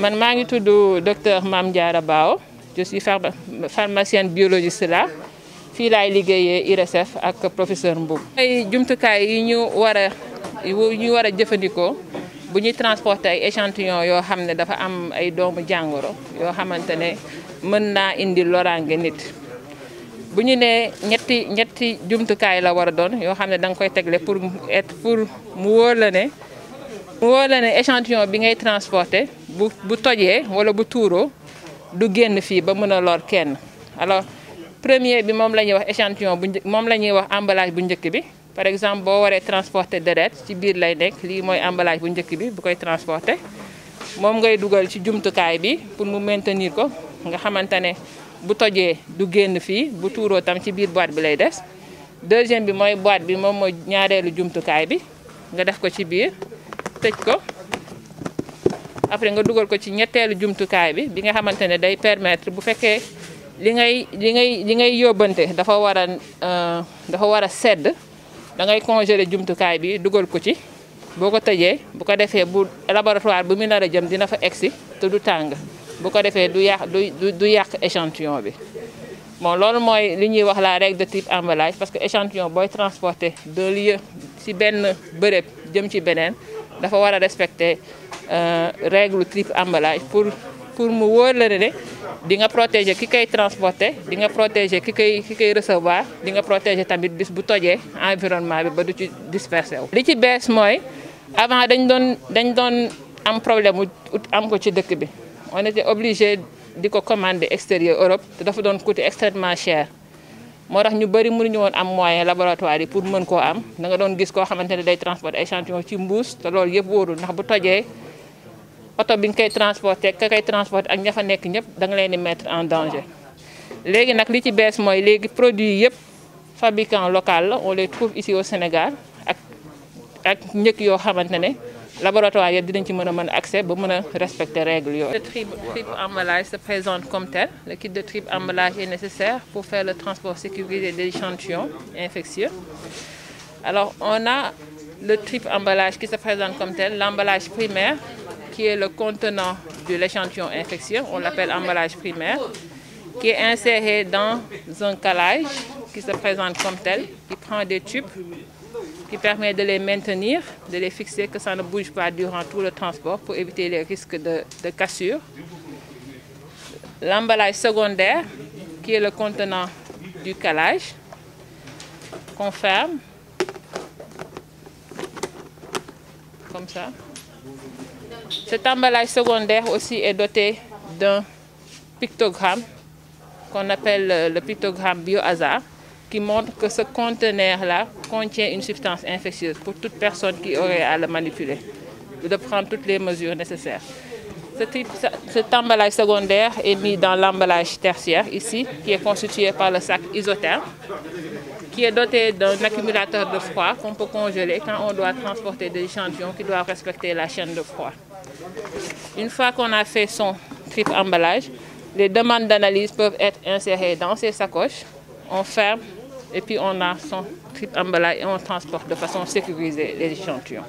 man maa ngi tudd docteur Mame Diarra Bao je suis pharmacienne biologiste la fii laay liggéeyee IRESSEF ak professeur Mboub. ay jumtukaay yi ñu war a war a jëfandikoo bu ñuy transporter ay échantillon yoo xam ne dafa am ay doomu jàngoro yoo xamante ne mën naa indi loraange nit. bu ñu nee ñetti ñetti jumtukaay la war a doon yoo xam ne da nga koy tegle pour être pour mu wóor la ne. woo la ne échantillon bi ngay transporter bu bu tojee wala bu tuuroo du génn fii ba mën a lor kenn alors premier bi moom la ñuy wax échantillon bu moom la ñuy wax emballage bu njëkk bi par exemple boo waree transporter déret ci biir lay nekk lii mooy emballage bu njëkk bi bu koy transporter moom ngay dugal ci jumtukaay bi pour mu maintenir ko nga xamante ne bu tojee du génn fii bu tuuroo tam ci biir boîte bi lay des deuxième bi mooy boîte bi moom mooy ñaareelu jumtukaay bi nga def ko ci biir tëj ko après nga dugal ko ci ñetteelu jumtukaay bi bi nga xamante ne day permettre bu fekkee li ngay li ngay li ngay yóbbante dafa war a euh, dafa war a sedd da ngay congeler jumtukaay bi dugal ko ci boo ko tëjee bu ko defee bu laboratoire bu mu nar a jëm dina fa egsi te du tàng bu ko defee du yàq du du yàq échantillon bi bon loolu mooy li ñuy wax la règle de type emballage parce que échantillon booy transporter de lieu ci benn bërëb jëm ci beneen dafa war a respecter euh, règle triple emballage pour pour mu wóor la ne di nga protéger ki koy transporter di nga protéger ki koy ki koy recevoir di nga protéger tamit bis bu tojee environnement bi ba du ci disperser wu. li ci bees mooy avant dañ doon dañ doon am problème am ko ci dëkk bi on était obligé di ko commander extérieur Europe te dafa doon coûter extrêmement chair moo tax ñu bëri mënuñu woon am moyen laboratoire yi pour mën koo am da nga doon gis koo xamante ne day transporter ay échantillon ci mbuus te loolu yëpp wóorul ndax bu tojee oto bi nga koy transporter ka koy transporter ak ña fa nekk ñëpp danga nga leen di mettre en danger. léegi nag li ci bees mooy léegi produit yëpp fabricant local la on les trouve ici au Sénégal ak ak njëkk yoo xamante ne. laboratoire a accès ba mën règles le trip emballage se présente comme tel le kit de trip emballage est nécessaire pour faire le transport sécurisé des échantillons infectieux alors on a le trip emballage qui se présente comme tel l'emballage primaire qui est le contenant de l'échantillon infectieux on l'appelle emballage primaire qui est inséré dans un calage qui se présente comme tel qui prend des tubes permet de les maintenir, de les fixer, que ça ne bouge pas durant tout le transport pour éviter les risques de, de cassure. L'emballage secondaire, qui est le contenant du calage, qu'on ferme, comme ça. Cet emballage secondaire aussi est doté d'un pictogramme qu'on appelle le pictogramme biohazard qui montre que ce conteneur-là contient une substance infectieuse pour toute personne qui aurait à le manipuler, de prendre toutes les mesures nécessaires. Ce type, cet emballage secondaire est mis dans l'emballage tertiaire ici, qui est constitué par le sac isotherme, qui est doté d'un accumulateur de froid qu'on peut congeler quand on doit transporter des échantillons qui doivent respecter la chaîne de froid. Une fois qu'on a fait son trip emballage, les demandes d'analyse peuvent être insérées dans ces sacoches on ferme et puis on a son trip emballage et on transporte de façon sécurisée les échantillons.